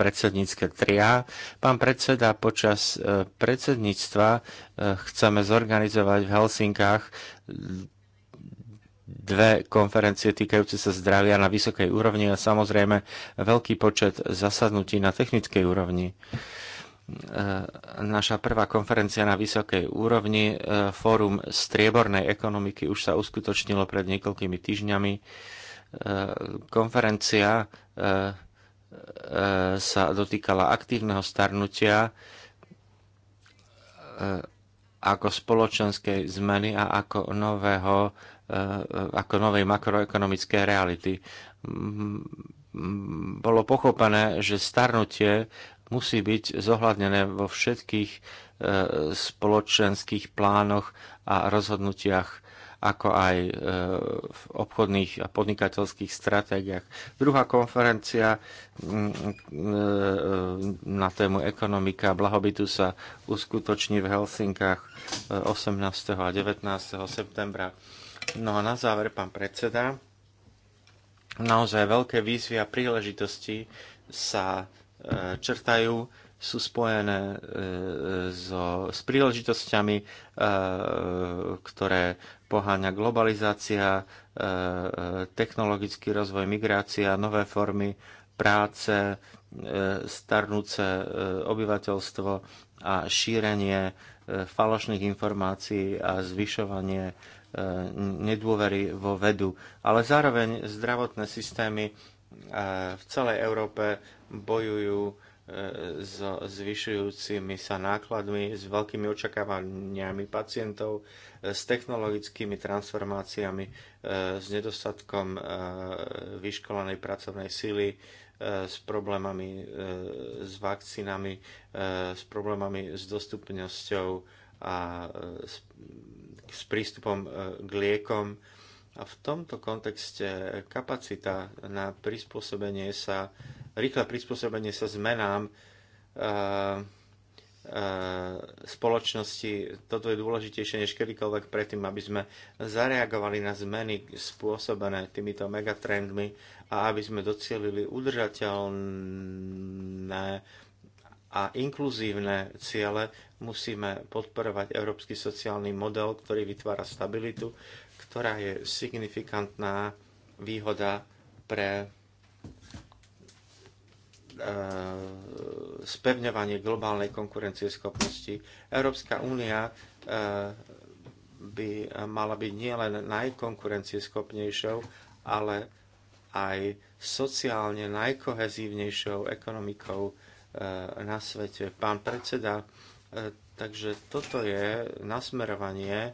predsednícke tria. Pán predseda, počas e, predsedníctva e, chceme zorganizovať v Helsinkách dve konferencie týkajúce sa zdravia na vysokej úrovni a samozrejme veľký počet zasadnutí na technickej úrovni. E, naša prvá konferencia na vysokej úrovni, Fórum striebornej ekonomiky, už sa uskutočnilo pred niekoľkými týždňami. Konferencia sa dotýkala aktívneho starnutia e, ako spoločenskej zmeny a ako, nového, e, ako novej makroekonomickej reality. Mm, bolo pochopené, že starnutie musí byť zohľadnené vo všetkých e, spoločenských plánoch a rozhodnutiach ako aj e, v obchodných a podnikateľských stratégiách. Druhá konferencia e, na tému ekonomika a blahobytu sa uskutoční v Helsinkách 18. E, a 19. septembra. No a na záver, pán predseda, naozaj veľké výzvy a príležitosti sa črtajú, sú spojené so, s príležitosťami, ktoré poháňa globalizácia, e, e, technologický rozvoj, migrácia, nové formy práce, e, starnúce obyvateľstvo a šírenie falošných informácií a zvyšovanie nedôvery vo vedu. Ale zároveň zdravotné systémy v celej Európe bojujú E, s zvyšujúcimi sa nákladmi, s veľkými očakávaniami pacientov, e, s technologickými transformáciami, e, s nedostatkom vyškolenej pracovnej síly, s problémami s vakcínami, s problémami s dostupnosťou a s prístupom k liekom a v tomto kontexte kapacita na prispôsobenie sa, rýchle prispôsobenie sa zmenám e, e, spoločnosti, toto je dôležitejšie než kedykoľvek predtým, aby sme zareagovali na zmeny spôsobené týmito megatrendmi a aby sme docielili udržateľné a inkluzívne ciele, musíme podporovať európsky sociálny model, ktorý vytvára stabilitu, ktorá je signifikantná výhoda pre e, spevňovanie globálnej konkurencieschopnosti. Európska únia e, by mala byť nielen najkonkurencieschopnejšou, ale aj sociálne najkohezívnejšou ekonomikou e, na svete. Pán predseda, takže toto je nasmerovanie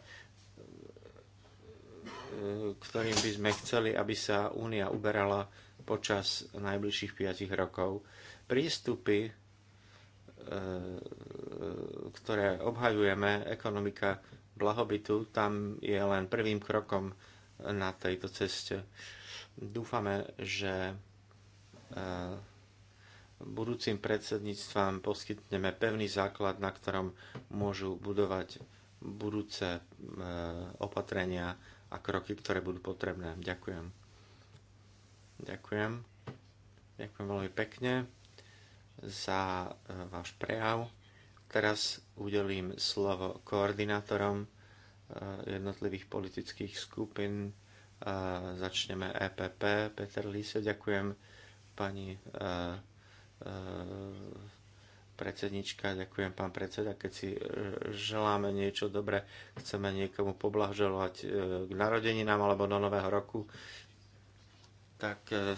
Eh, ktorým by sme chceli, aby sa Únia uberala počas najbližších 5 rokov. Prístupy, eh, ktoré obhajujeme, ekonomika blahobytu, tam je len prvým krokom na tejto ceste. Dúfame, že eh, budúcim predsedníctvám poskytneme pevný základ, na ktorom môžu budovať budúce opatrenia a kroky, ktoré budú potrebné. Ďakujem. Ďakujem. Ďakujem veľmi pekne za e, váš prejav. Teraz udelím slovo koordinátorom e, jednotlivých politických skupín. E, začneme EPP. Peter Lise, ďakujem pani predsednička, ďakujem pán predseda, keď si e, želáme niečo dobré, chceme niekomu poblahželovať e, k narodeninám alebo do nového roku, tak e,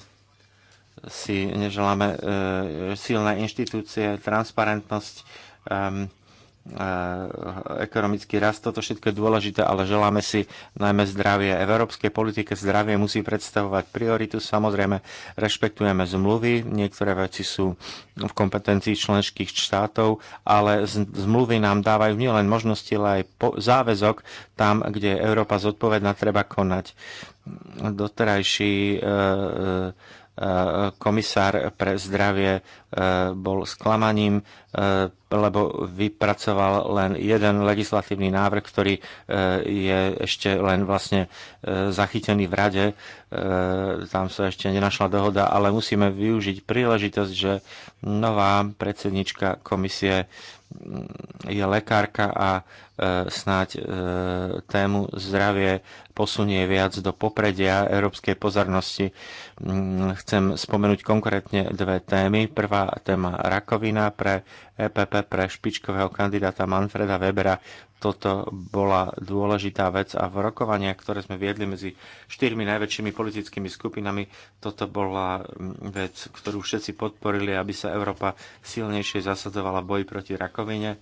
si neželáme silné inštitúcie, transparentnosť, Eh, ekonomický rast. Toto všetko je dôležité, ale želáme si najmä zdravie. európskej politike zdravie musí predstavovať prioritu. Samozrejme, rešpektujeme zmluvy. Niektoré veci sú v kompetencii členských štátov, ale zmluvy nám dávajú nielen možnosti, ale aj záväzok tam, kde je Európa zodpovedná, treba konať. Doterajší e, e, komisár pre zdravie e, bol sklamaním, e, lebo vypracoval len jeden legislatívny návrh, ktorý e, je ešte len vlastne zachytený v rade. Tam sa ešte nenašla dohoda, ale musíme využiť príležitosť, že nová predsednička komisie je lekárka a snáď tému zdravie posunie viac do popredia európskej pozornosti. Mm, chcem spomenúť konkrétne dve témy. Prvá téma rakovina pre EPP, pre špičkového kandidáta Manfreda Webera. Toto bola dôležitá vec a v rokovaniach, ktoré sme viedli medzi štyrmi najväčšími politickými skupinami, toto bola mm, vec, ktorú všetci podporili, aby sa Európa silnejšie zasadzovala v boji proti rakovine.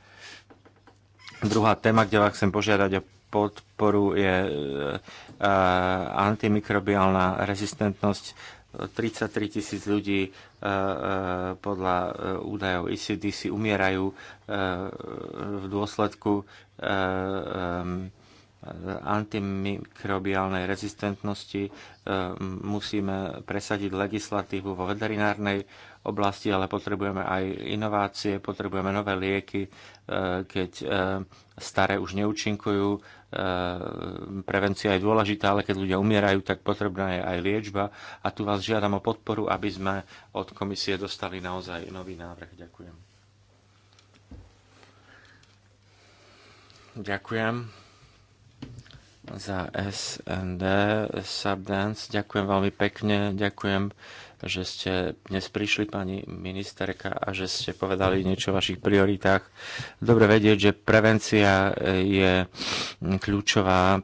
Druhá téma, kde vás chcem požiadať o je e, e, antimikrobiálna rezistentnosť 33 tisíc ľudí e, podľa údajov si umierajú v dôsledku antimikrobiálnej rezistentnosti. Musíme presadiť legislatívu vo veterinárnej oblasti, ale potrebujeme aj inovácie, potrebujeme nové lieky keď e, staré už neúčinkujú. E, prevencia je dôležitá, ale keď ľudia umierajú, tak potrebná je aj liečba. A tu vás žiadam o podporu, aby sme od komisie dostali naozaj nový návrh. Ďakujem. Ďakujem za SND Subdance. Ďakujem veľmi pekne. Ďakujem že ste dnes prišli, pani ministerka, a že ste povedali niečo o vašich prioritách. Dobre vedieť, že prevencia eh, je mm, kľúčová mm,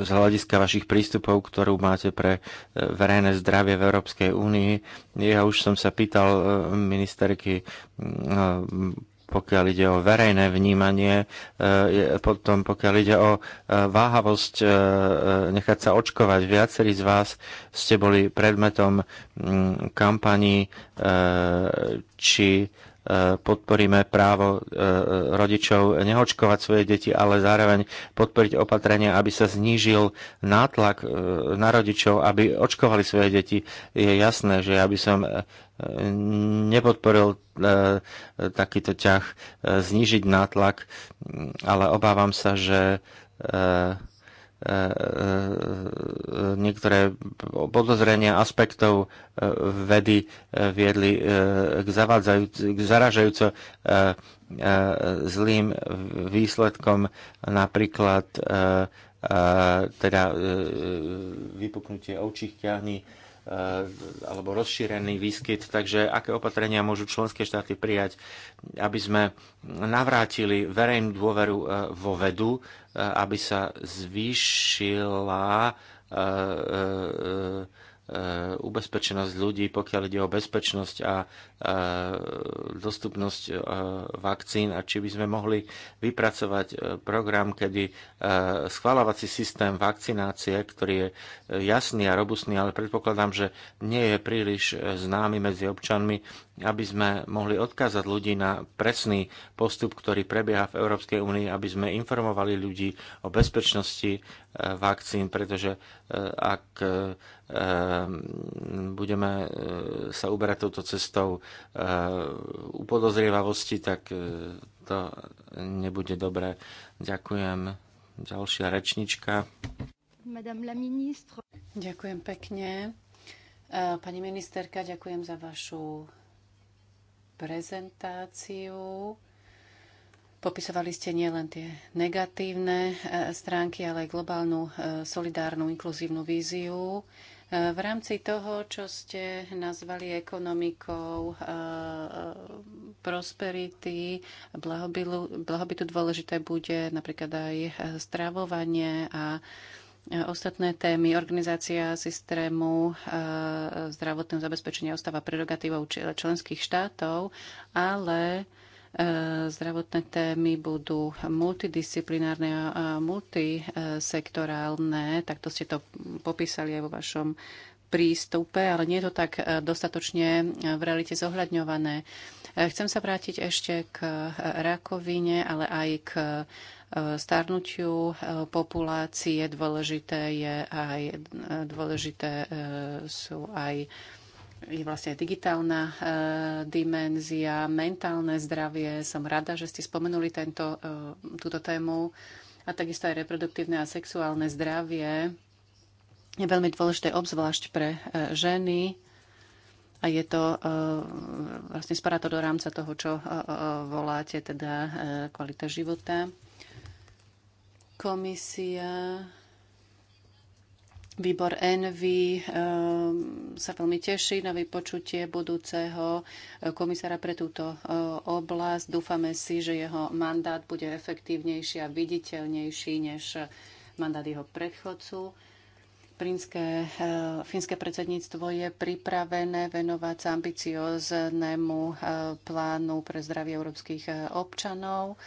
eh, z hľadiska vašich prístupov, ktorú máte pre eh, verejné zdravie v Európskej únii. Ja už som sa pýtal ministerky mm, pokiaľ ide o verejné vnímanie, e, potom pokiaľ ide o e, váhavosť e, nechať sa očkovať. Viacerí z vás ste boli predmetom mm, kampaní či podporíme právo e, rodičov nehočkovať svoje deti, ale zároveň podporiť opatrenia, aby sa znížil nátlak e, na rodičov, aby očkovali svoje deti. Je jasné, že ja by som e, nepodporil takýto ťah znížiť nátlak, ale obávam sa, že E, e, niektoré podozrenia aspektov e, vedy viedli k, k zaražajúco zlým výsledkom napríklad teda vypuknutie ovčích ťahní Eh, alebo rozšírený výskyt. Takže aké opatrenia môžu členské štáty prijať, aby sme navrátili verejnú dôveru eh, vo vedu, eh, aby sa zvýšila E, ubezpečenosť ľudí, pokiaľ ide o bezpečnosť a e, dostupnosť e, vakcín a či by sme mohli vypracovať program, kedy schváľovací systém vakcinácie, ktorý je jasný a robustný, ale predpokladám, že nie je príliš známy medzi občanmi, aby sme mohli odkázať ľudí na presný postup, ktorý prebieha v Európskej únii, aby sme informovali ľudí o bezpečnosti vakcín, pretože ak Ehm, budeme e, sa uberať touto cestou e, podozrievavosti, tak e, to nebude dobré. Ďakujem. Ďalšia rečnička. Ďakujem pekne. Pani ministerka, ďakujem za vašu prezentáciu. Popisovali ste nielen tie negatívne e, stránky, ale aj globálnu e, solidárnu inkluzívnu víziu. E, v rámci toho, čo ste nazvali ekonomikou prosperity, blahobytu dôležité bude napríklad aj stravovanie a ostatné témy. Organizácia systému zdravotného zabezpečenia ostáva prerogatívou členských štátov, ale E, zdravotné témy budú multidisciplinárne a multisektorálne. Takto ste to popísali aj vo vašom prístupe, ale nie je to tak e, dostatočne e, v realite zohľadňované. Chcem sa vrátiť ešte k rakovine, ale aj k starnutiu populácie. Dôležité, je aj, dôležité sú aj je vlastne aj digitálna e, dimenzia, mentálne zdravie. Som rada, že ste spomenuli tento, e, túto tému a takisto aj reproduktívne a sexuálne zdravie je veľmi dôležité obzvlášť pre e, ženy a je to, e, vlastne spadá to do rámca toho, čo e, e voláte, teda e, kvalita života. Komisia Výbor Envy eh, sa veľmi teší na vypočutie budúceho eh, komisára pre túto eh, oblasť. Dúfame si, že jeho mandát bude efektívnejší a viditeľnejší než mandát jeho predchodcu. Prínske, fínske predsedníctvo je pripravené venovať sa ambicioznému plánu pre zdravie európskych občanov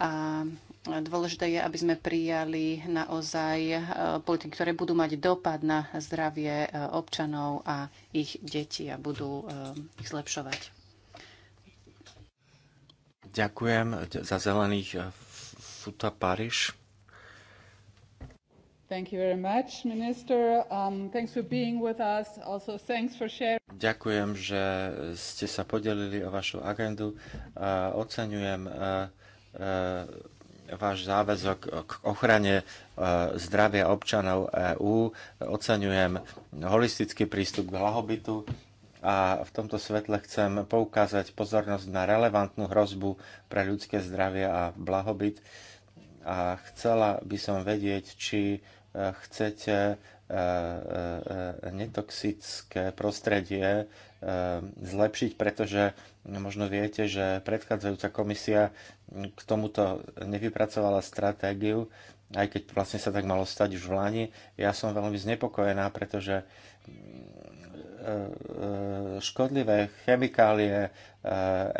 a dôležité je, aby sme prijali naozaj e, politiky, ktoré budú mať dopad na zdravie e, občanov a ich detí a budú e, ich zlepšovať. Ďakujem za zelených Futa Paríž. Um, Ďakujem, že ste sa podelili o vašu agendu. Uh, oceňujem uh, E, váš záväzok k ochrane e, zdravia občanov EÚ. Oceňujem holistický prístup k blahobytu a v tomto svetle chcem poukázať pozornosť na relevantnú hrozbu pre ľudské zdravie a blahobyt. A chcela by som vedieť, či e, chcete E, e, e, netoxické prostredie zlepšiť, pretože možno viete, že predchádzajúca komisia k tomuto nevypracovala stratégiu, aj keď vlastne sa tak malo stať už v Lani. Ja som veľmi znepokojená, pretože E, e, škodlivé chemikálie, e,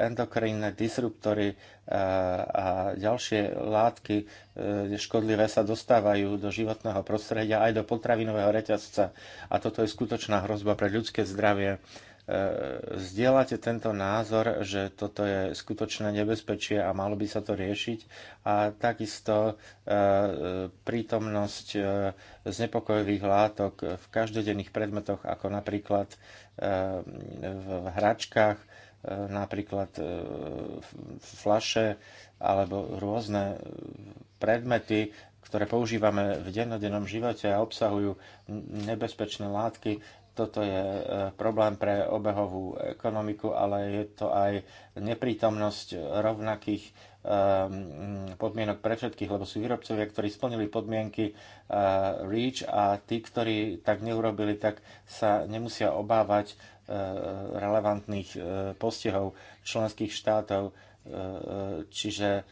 endokrinné disruptory a ďalšie látky škodlivé sa dostávajú do životného prostredia aj do potravinového reťazca. A toto je skutočná hrozba pre ľudské zdravie E, zdieľate tento názor, že toto je skutočné nebezpečie a malo by sa to riešiť a takisto e, prítomnosť e, znepokojivých látok v každodenných predmetoch, ako napríklad v hračkách, napríklad flaše alebo rôzne predmety, ktoré používame v dennodennom živote a obsahujú nebezpečné látky, toto je e, problém pre obehovú ekonomiku, ale je to aj neprítomnosť rovnakých e, podmienok pre všetkých, lebo sú výrobcovia, ktorí splnili podmienky e, REACH a tí, ktorí tak neurobili, tak sa nemusia obávať relevantných postihov členských štátov. Čiže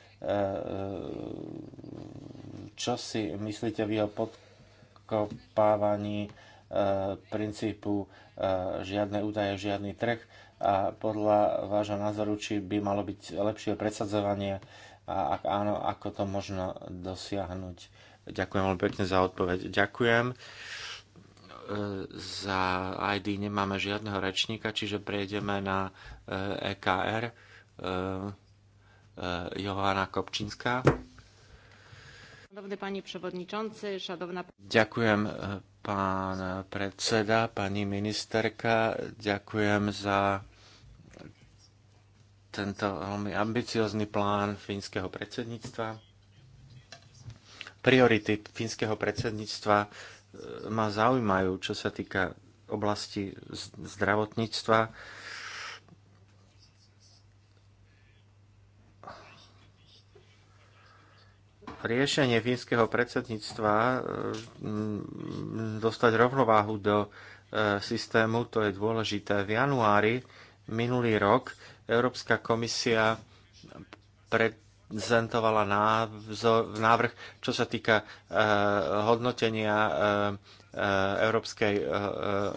čo si myslíte vy o podkopávaní Eh, princípu eh, žiadne údaje, žiadny trh a podľa vášho názoru, či by malo byť lepšie presadzovanie a ak áno, ako to možno dosiahnuť. Ďakujem veľmi pekne za odpoveď. Ďakujem. Eh, za ID nemáme žiadneho rečníka, čiže prejdeme na EKR. E Johana Kopčinská. Ďakujem, e, pán predseda, pani ministerka. Ďakujem za tento veľmi ambiciózny plán fínskeho predsedníctva. Priority fínskeho predsedníctva e, ma zaujímajú, čo sa týka oblasti zdravotníctva riešenie fínskeho predsedníctva mm, dostať rovnováhu do e, systému, to je dôležité. V januári minulý rok Európska komisia prezentovala návrh, čo sa týka e, hodnotenia e, európskej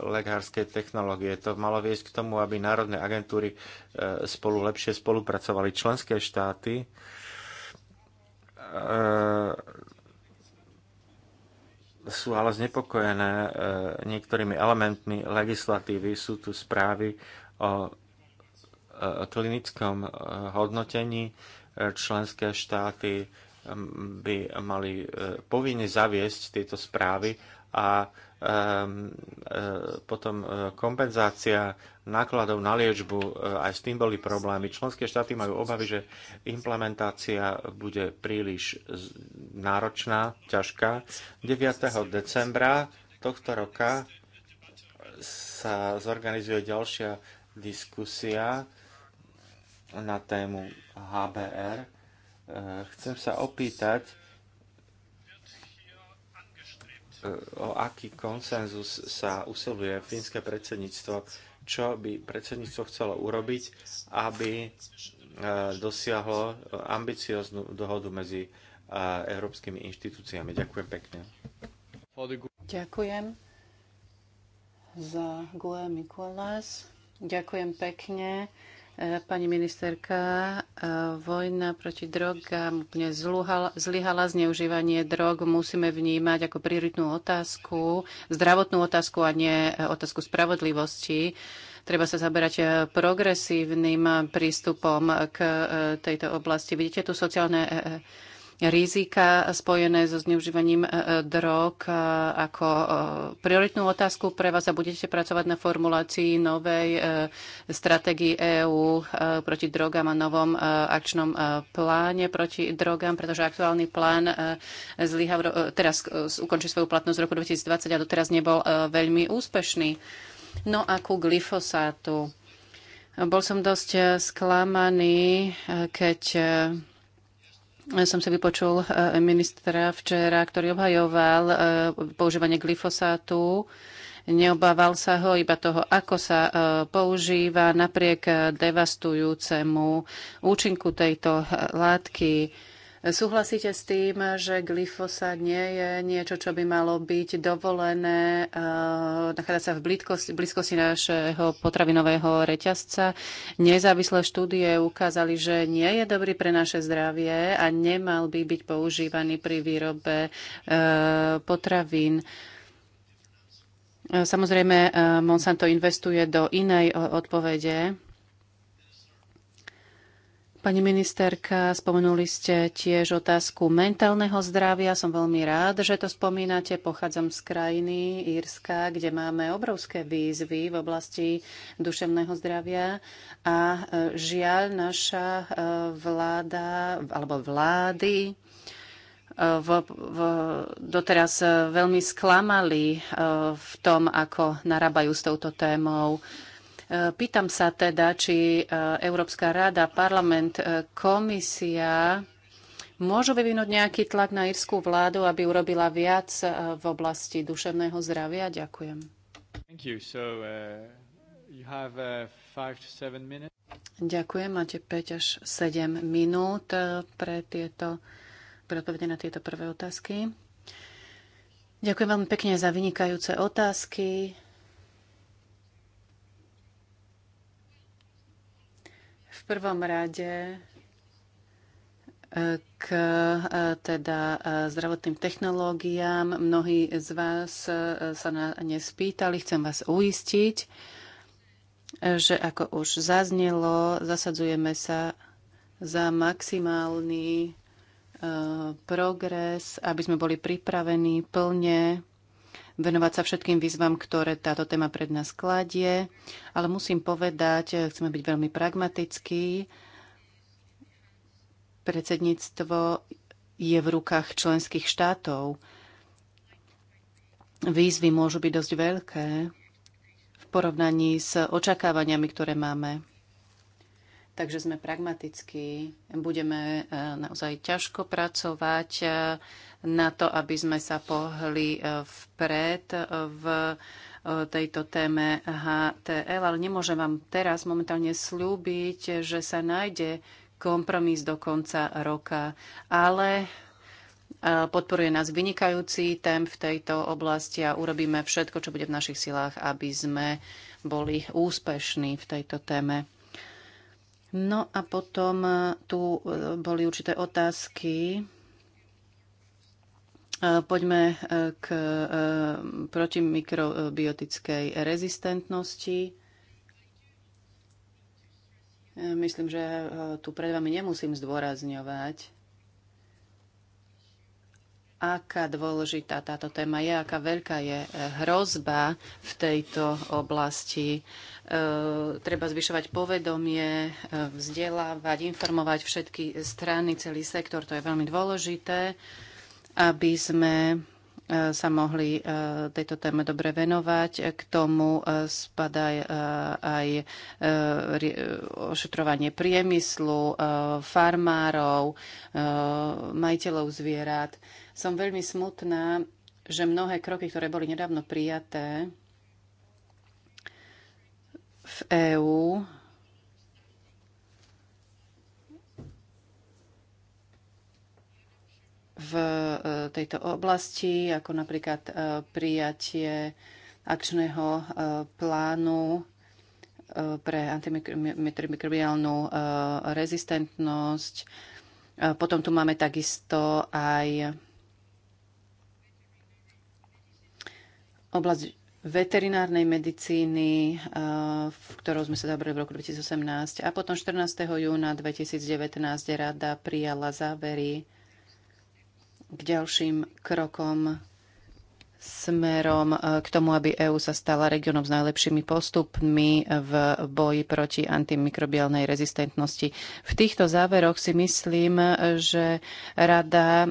lekárskej technológie. To malo viesť k tomu, aby národné agentúry spolu lepšie spolupracovali. Členské štáty E, sú ale znepokojené e, niektorými elementmi legislatívy. Sú tu správy o e, klinickom hodnotení. Členské štáty by mali povinne zaviesť tieto správy a Ehm, e, potom e, kompenzácia nákladov na liečbu, e, aj s tým boli problémy. Členské štáty majú obavy, že implementácia bude príliš náročná, ťažká. 9. decembra tohto roka sa zorganizuje ďalšia diskusia na tému HBR. Chcem sa opýtať, E, o aký konsenzus sa usiluje fínske predsedníctvo, čo by predsedníctvo chcelo urobiť, aby e, dosiahlo ambicioznú dohodu medzi e, európskymi inštitúciami. Ďakujem pekne. Ďakujem za Gue Mikuláš. Ďakujem pekne. E, pani ministerka, e, vojna proti drogám úplne zlyhala, zneužívanie drog musíme vnímať ako prioritnú otázku, zdravotnú otázku a nie e, otázku spravodlivosti. Treba sa zaberať progresívnym prístupom k tejto oblasti. Vidíte tu sociálne rizika spojené so zneužívaním e, e, drog e, ako prioritnú otázku pre vás a budete pracovať na formulácii novej stratégii EÚ proti drogám a novom akčnom pláne proti drogám, pretože aktuálny plán zlyha, teraz ukončí svoju platnosť v roku 2020 a doteraz nebol veľmi úspešný. No a ku glyfosátu. Bol som dosť sklamaný, keď som si vypočul e, ministra včera, ktorý obhajoval e, používanie glyfosátu. Neobával sa ho iba toho, ako sa e, používa napriek devastujúcemu účinku tejto látky Súhlasíte s tým, že glyfosát nie je niečo, čo by malo byť dovolené, nachádza sa v blízkosti, blízkosti nášho potravinového reťazca. Nezávislé štúdie ukázali, že nie je dobrý pre naše zdravie a nemal by byť používaný pri výrobe e, potravín. Samozrejme, e, Monsanto investuje do inej odpovede Pani ministerka, spomenuli ste tiež otázku mentálneho zdravia. Som veľmi rád, že to spomínate. Pochádzam z krajiny Írska, kde máme obrovské výzvy v oblasti duševného zdravia a e, žiaľ naša e, vláda alebo vlády e, v, v, doteraz veľmi sklamali v tom, ako narábajú s touto témou. E, pýtam sa teda, či e, Európska rada, parlament, e, komisia môžu vyvinúť nejaký tlak na írskú vládu, aby urobila viac v oblasti duševného zdravia? Ďakujem. So, uh, have, uh, Ďakujem, máte 5 až 7 minút pre, tieto, pre odpovede na tieto prvé otázky. Ďakujem veľmi pekne za vynikajúce otázky. prvom rade e, k e, teda e, zdravotným technológiám. Mnohí z vás sa na ne spýtali. Chcem vás uistiť, že ako už zaznelo, zasadzujeme sa za maximálny progres, aby sme boli pripravení plne venovať sa všetkým výzvam, ktoré táto téma pred nás kladie, ale musím povedať, eh, chceme byť veľmi pragmatickí. Predsedníctvo je v rukách členských štátov. Výzvy môžu byť dosť veľké v porovnaní s očakávaniami, ktoré máme. Takže sme pragmatickí, budeme e, naozaj ťažko pracovať e, na to, aby sme sa pohli e, vpred v tejto téme HTL, ale nemôžem vám teraz momentálne slúbiť, že sa nájde kompromis do konca roka. Ale podporuje nás vynikajúci tém v tejto oblasti a urobíme všetko, čo bude v našich silách, aby sme boli úspešní v tejto téme. No a potom e, tu e, boli určité otázky. E, poďme k protimikrobiotickej rezistentnosti. Myslím, že tu pred vami nemusím zdôrazňovať, aká dôležitá táto téma je, aká veľká je e, hrozba v tejto oblasti. E, treba zvyšovať povedomie, e, vzdelávať, informovať všetky strany, celý sektor. To je veľmi dôležité, aby sme e, sa mohli tejto téme dobre venovať. K tomu spadá aj ošetrovanie priemyslu, farmárov, majiteľov zvierat. Som veľmi smutná, že mnohé kroky, ktoré boli nedávno prijaté v EÚ, v e, tejto oblasti, ako napríklad e, prijatie akčného e, plánu pre antimikrobiálnu rezistentnosť. Potom tu máme takisto aj oblasť veterinárnej medicíny, eh, v ktorou sme sa zabrali v roku 2018. A potom 14. júna 2019 rada prijala závery k ďalším krokom smerom e, k tomu, aby EÚ sa stala regiónom s najlepšími postupmi v boji proti antimikrobiálnej rezistentnosti. V týchto záveroch si myslím, že rada e,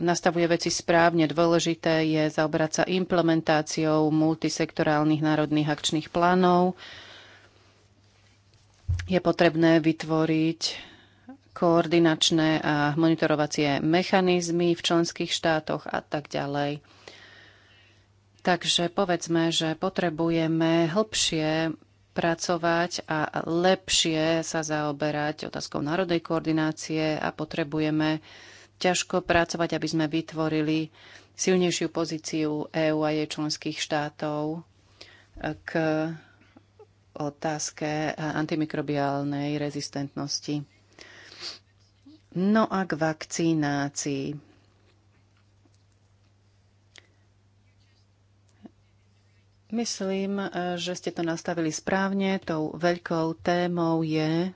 nastavuje veci správne. Dôležité je zaobrať sa implementáciou multisektorálnych národných akčných plánov. Je potrebné vytvoriť koordinačné a monitorovacie mechanizmy v členských štátoch a tak ďalej. Takže povedzme, že potrebujeme hĺbšie pracovať a lepšie sa zaoberať otázkou národnej koordinácie a potrebujeme ťažko pracovať, aby sme vytvorili silnejšiu pozíciu EÚ a jej členských štátov k otázke antimikrobiálnej rezistentnosti. No a k vakcinácii. Myslím, e, že ste to nastavili správne. Tou veľkou témou je,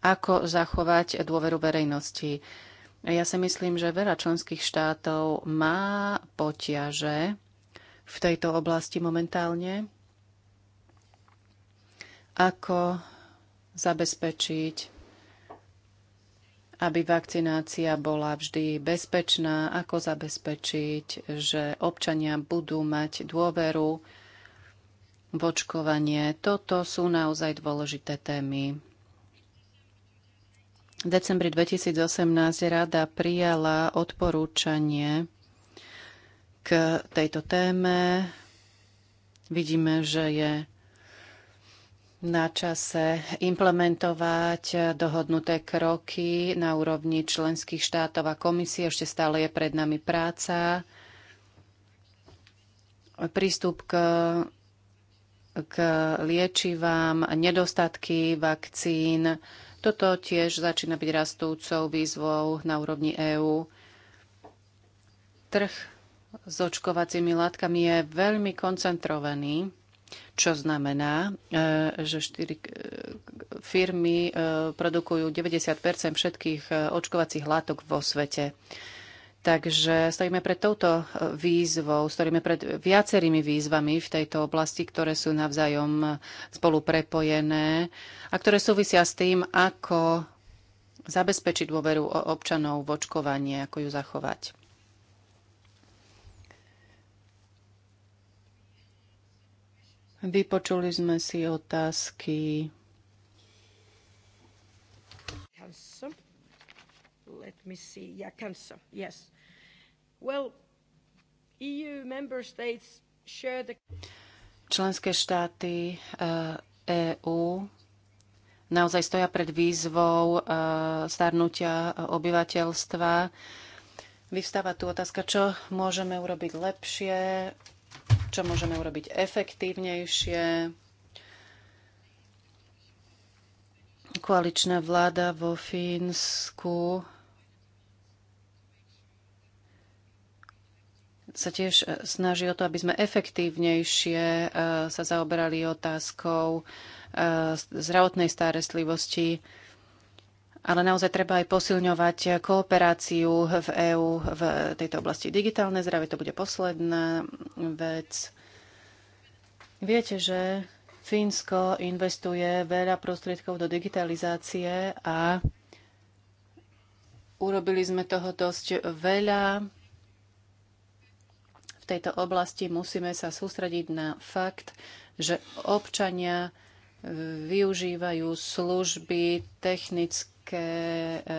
ako zachovať dôveru verejnosti. Ja si myslím, že veľa členských štátov má potiaže v tejto oblasti momentálne. Ako zabezpečiť aby vakcinácia bola vždy bezpečná, ako zabezpečiť, že občania budú mať dôveru v očkovanie. Toto sú naozaj dôležité témy. V decembri 2018 rada prijala odporúčanie k tejto téme. Vidíme, že je na čase implementovať dohodnuté kroky na úrovni členských štátov a komisie. Ešte stále je pred nami práca. Prístup k, k liečivám, nedostatky vakcín. Toto tiež začína byť rastúcou výzvou na úrovni EÚ. Trh s očkovacími látkami je veľmi koncentrovaný čo znamená, e, že štyri e, firmy e, produkujú 90 všetkých očkovacích látok vo svete. Takže stojíme pred touto výzvou, stojíme pred viacerými výzvami v tejto oblasti, ktoré sú navzájom spolu prepojené a ktoré súvisia s tým, ako zabezpečiť dôveru občanov v očkovanie, ako ju zachovať. Vypočuli sme si otázky. Let me see. Yeah, cancer. Yes. Well, EU member states share the... Členské štáty EÚ eh, e naozaj stoja pred výzvou eh, starnutia obyvateľstva. Vystáva tu otázka, čo môžeme urobiť lepšie, čo môžeme urobiť efektívnejšie. Koaličná vláda vo Fínsku sa tiež e, snaží o to, aby sme efektívnejšie e, sa zaoberali otázkou e, zdravotnej starostlivosti ale naozaj treba aj posilňovať kooperáciu v EÚ v tejto oblasti. Digitálne zdravie to bude posledná vec. Viete, že Fínsko investuje veľa prostriedkov do digitalizácie a urobili sme toho dosť veľa. V tejto oblasti musíme sa sústrediť na fakt, že občania využívajú služby technické také e, e,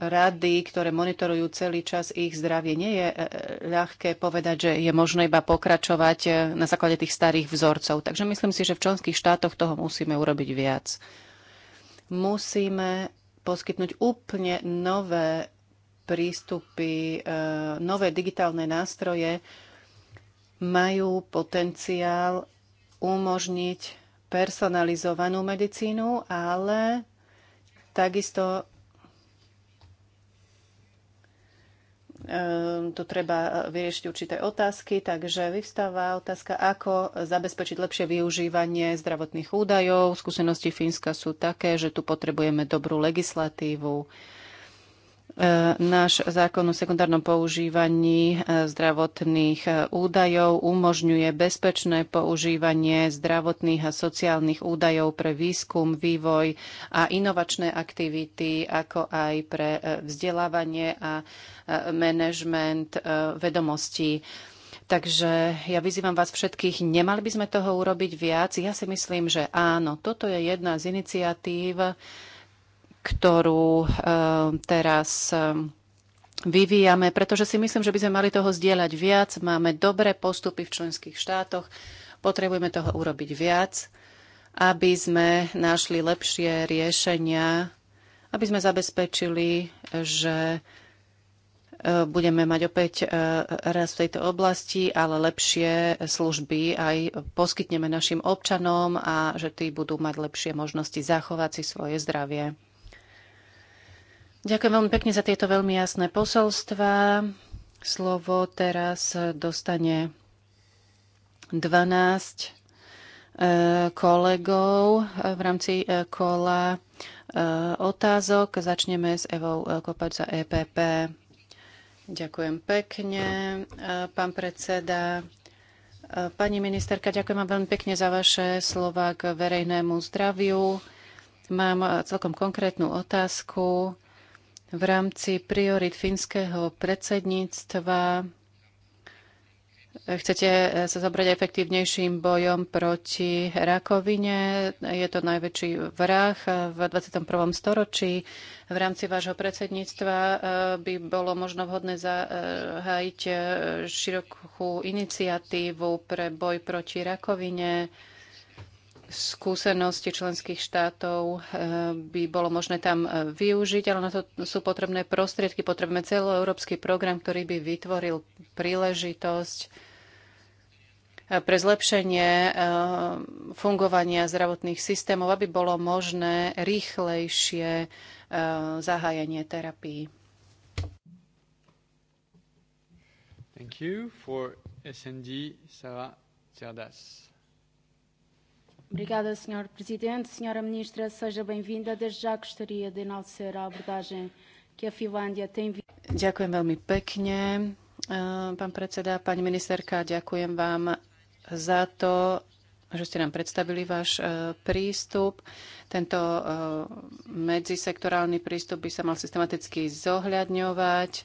rady, ktoré monitorujú celý čas ich zdravie. Nie je e, ľahké povedať, že je možné iba pokračovať na základe tých starých vzorcov. Takže myslím si, že v členských štátoch toho musíme urobiť viac. Musíme poskytnúť úplne nové prístupy, nové digitálne nástroje majú potenciál umožniť personalizovanú medicínu, ale takisto ehm, tu treba vyriešiť určité otázky, takže vyvstáva otázka, ako zabezpečiť lepšie využívanie zdravotných údajov. Skúsenosti Fínska sú také, že tu potrebujeme dobrú legislatívu, E, náš zákon o sekundárnom používaní e, zdravotných e, údajov umožňuje bezpečné používanie zdravotných a sociálnych údajov pre výskum, vývoj a inovačné aktivity, ako aj pre vzdelávanie a manažment vedomostí. Takže ja vyzývam vás všetkých, nemali by sme toho urobiť viac? Ja si myslím, že áno, toto je jedna z iniciatív, ktorú ehm, teraz ehm, vyvíjame, pretože si myslím, že by sme mali toho zdieľať viac. Máme dobré postupy v členských štátoch, potrebujeme toho urobiť viac, aby sme našli lepšie riešenia, aby sme zabezpečili, že e, budeme mať opäť e, raz v tejto oblasti, ale lepšie služby aj poskytneme našim občanom a že tí budú mať lepšie možnosti zachovať si svoje zdravie. Ďakujem veľmi pekne za tieto veľmi jasné posolstva. Slovo teraz dostane 12 e, kolegov e, v rámci e, kola otázok. Začneme s Evou Kopač za EPP. Ďakujem pekne, pán predseda. Pani ministerka, ďakujem vám veľmi pekne za vaše slova k verejnému zdraviu. Mám celkom konkrétnu otázku v rámci priorit fínskeho predsedníctva eh, Chcete eh, sa zabrať efektívnejším bojom proti rakovine. Je to najväčší vrah eh, v 21. storočí. V rámci vášho predsedníctva by bolo možno vhodné zahájiť širokú iniciatívu pre boj proti rakovine skúsenosti členských štátov eh, by bolo možné tam eh, využiť, ale na to sú potrebné prostriedky, potrebné celoeurópsky program, ktorý by vytvoril príležitosť eh, pre zlepšenie fungovania zdravotných systémov, aby bolo možné rýchlejšie zahájenie terapii. Thank you for SND Sarah Cerdas. Obrigada, Sr. Presidente. Sra. Ministra, seja bem-vinda. Desde já gostaria de enaltecer a abordagem que a Finlândia tem... vindo. Ďakujem veľmi pekne, eh, pán predseda. Pani ministerka, ďakujem vám za to, že ste nám predstavili váš eh, prístup. Tento eh, medzisektorálny prístup by sa mal systematicky zohľadňovať.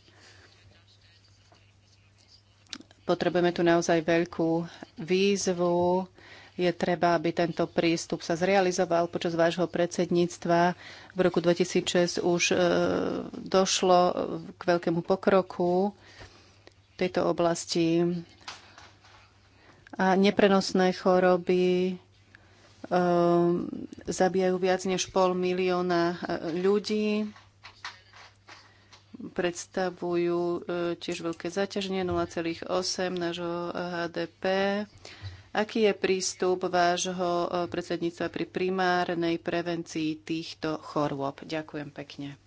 Potrebujeme tu naozaj veľkú výzvu je treba, aby tento prístup sa zrealizoval. Počas vášho predsedníctva v roku 2006 už e, došlo k veľkému pokroku v tejto oblasti. A neprenosné choroby e, zabijajú viac než pol milióna e, ľudí predstavujú e, tiež veľké zaťaženie 0,8 nášho HDP. Aký je prístup vášho eh, predsedníctva pri primárnej prevencii týchto chorôb? Ďakujem pekne.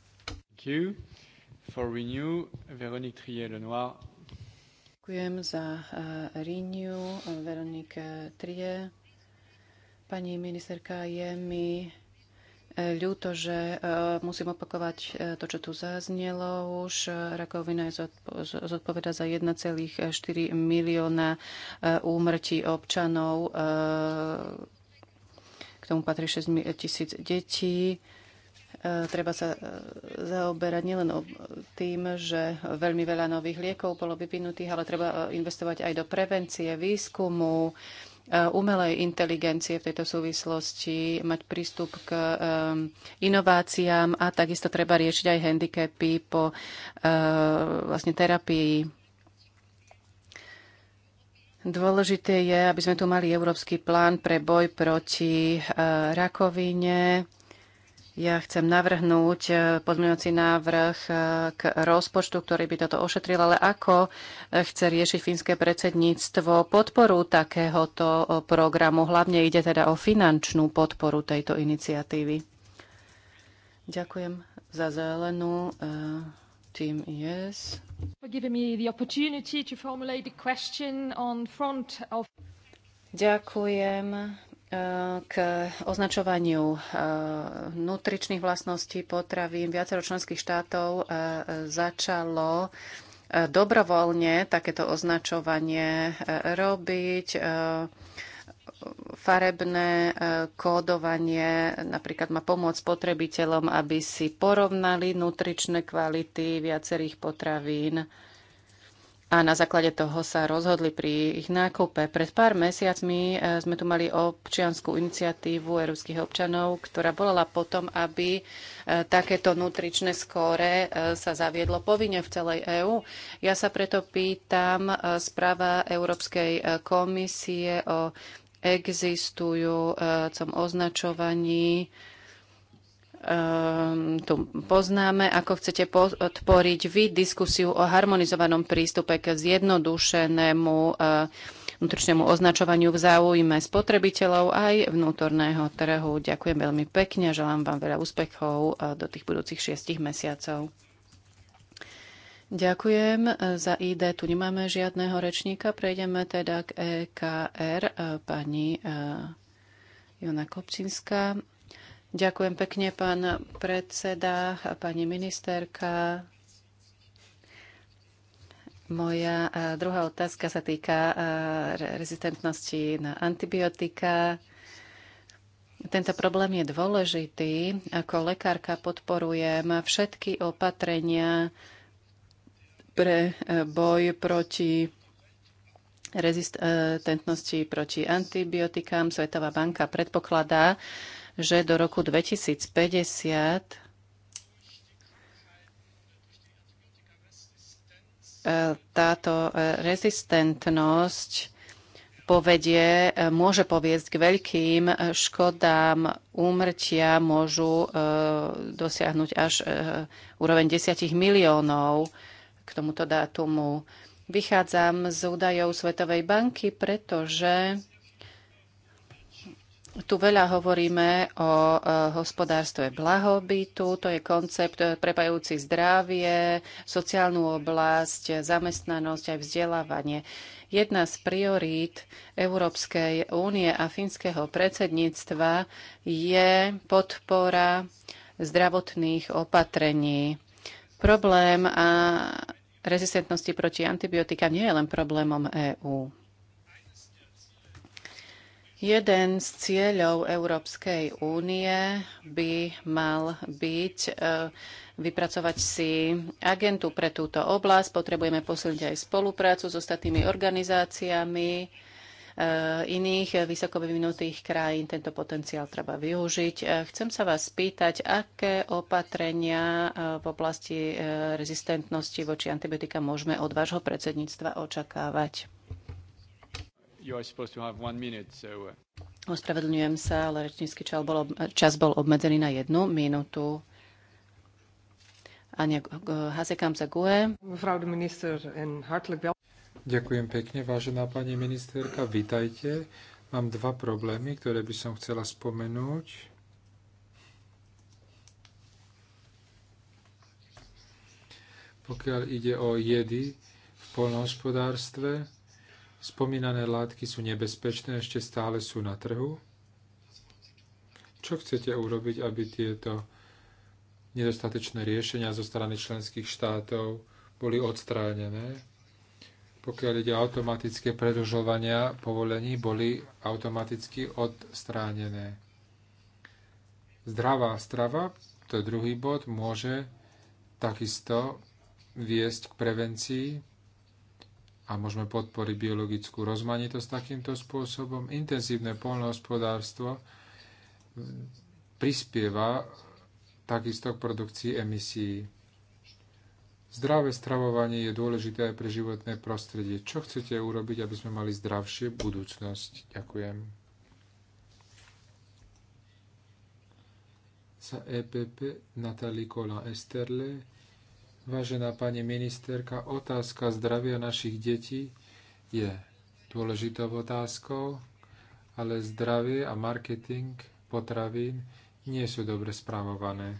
Ďakujem za eh, Renew, Veronique Trier. Pani ministerka, je mi ľúto, že e, musím opakovať e, to, čo tu zaznelo už. Rakovina je zodpoveda za 1,4 milióna e, úmrtí občanov. K tomu patrí 6 tisíc detí treba sa zaoberať nielen tým, že veľmi veľa nových liekov bolo vyvinutých, ale treba investovať aj do prevencie, výskumu, Eh, umelej inteligencie v tejto súvislosti, mať prístup k eh, inováciám a takisto treba riešiť aj handicapy po eh, vlastne terapii. Dôležité je, aby sme tu mali európsky plán pre boj proti rakovine ja chcem navrhnúť eh, pozmeňovací návrh eh, k rozpočtu, ktorý by toto ošetril, ale ako eh, chce riešiť fínske predsedníctvo podporu takéhoto programu. Hlavne ide teda o finančnú podporu tejto iniciatívy. Ďakujem za zelenú. Team yes. Ďakujem k označovaniu e, nutričných vlastností potravín. Viacero členských štátov e, začalo e, dobrovoľne takéto označovanie robiť farebné kódovanie napríklad má pomôcť spotrebiteľom, aby si porovnali nutričné kvality viacerých potravín a na základe toho sa rozhodli pri ich nákupe. Pred pár mesiacmi e, sme tu mali občianskú iniciatívu európskych občanov, ktorá volala potom, aby e, takéto nutričné skóre e, sa zaviedlo povinne v celej EÚ. Ja sa preto pýtam správa Európskej komisie o existujúcom označovaní Ehm, tu poznáme, ako chcete podporiť vy diskusiu o harmonizovanom prístupe k zjednodušenému eh, vnútornému označovaniu v záujme spotrebiteľov aj vnútorného trhu. Ďakujem veľmi pekne a želám vám veľa úspechov eh, do tých budúcich šiestich mesiacov. Ďakujem eh, za ID. Tu nemáme žiadného rečníka. Prejdeme teda k EKR. Pani Jona Kopčinská. Ďakujem pekne, pán predseda, pani ministerka. Moja druhá otázka sa týka rezistentnosti na antibiotika. Tento problém je dôležitý. Ako lekárka podporujem všetky opatrenia pre e, boj proti rezistentnosti e, proti antibiotikám. Svetová banka predpokladá, že do roku 2050 e, táto e, rezistentnosť povedie, e, môže poviesť k veľkým škodám, úmrtia môžu dosiahnuť až úroveň 10 miliónov k tomuto dátumu. Vychádzam z údajov Svetovej banky, pretože tu veľa hovoríme o e, hospodárstve blahobytu, to je koncept e, prepajúci zdravie, sociálnu oblasť, zamestnanosť aj vzdelávanie. Jedna z priorít Európskej únie a fínskeho predsedníctva je podpora zdravotných opatrení. Problém a rezistentnosti proti antibiotikám nie je len problémom EÚ. Jeden z cieľov Európskej únie by mal byť e, vypracovať si agentu pre túto oblasť. Potrebujeme posilniť aj spoluprácu s ostatnými organizáciami e, iných vysoko vyvinutých krajín. Tento potenciál treba využiť. E, chcem sa vás spýtať, aké opatrenia v oblasti rezistentnosti voči antibiotika môžeme od vášho predsedníctva očakávať. Uh, Ospravedlňujem sa, ale rečnícky čas bol, čas bol obmedzený na jednu minútu. Ania Hasekam za GUE. Ďakujem pekne, vážená pani ministerka, vítajte. Mám dva problémy, ktoré by som chcela spomenúť. Pokiaľ ide o jedy v polnohospodárstve, Spomínané látky sú nebezpečné, ešte stále sú na trhu. Čo chcete urobiť, aby tieto nedostatečné riešenia zo strany členských štátov boli odstránené? Pokiaľ ide automatické predlžovania povolení, boli automaticky odstránené. Zdravá strava, to je druhý bod, môže takisto viesť k prevencii a môžeme podporiť biologickú rozmanitosť takýmto spôsobom. Intenzívne poľnohospodárstvo prispieva takisto k produkcii emisí. Zdravé stravovanie je dôležité aj pre životné prostredie. Čo chcete urobiť, aby sme mali zdravšie budúcnosť? Ďakujem. Sa EPP Natalie Kola Esterle Vážená pani ministerka, otázka zdravia našich detí je dôležitou otázkou, ale zdravie a marketing potravín nie sú dobre správované.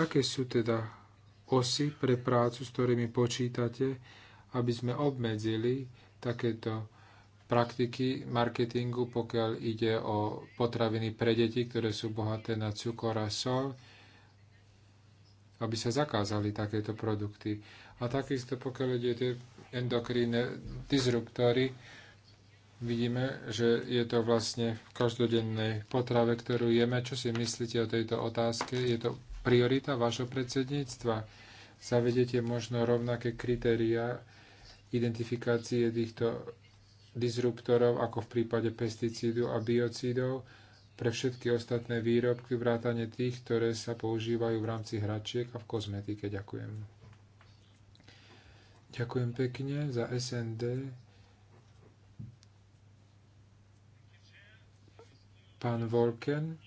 Aké sú teda osy pre prácu, s ktorými počítate, aby sme obmedzili takéto praktiky marketingu, pokiaľ ide o potraviny pre deti, ktoré sú bohaté na cukor a sol, aby sa zakázali takéto produkty. A takisto pokiaľ ide tie endokrínne disruptory, vidíme, že je to vlastne v každodennej potrave, ktorú jeme. Čo si myslíte o tejto otázke? Je to priorita vašho predsedníctva? Zavedete možno rovnaké kritéria identifikácie týchto disruptorov ako v prípade pesticídu a biocídov pre všetky ostatné výrobky, vrátane tých, ktoré sa používajú v rámci hračiek a v kozmetike. Ďakujem. Ďakujem pekne za SND. Pán Volken.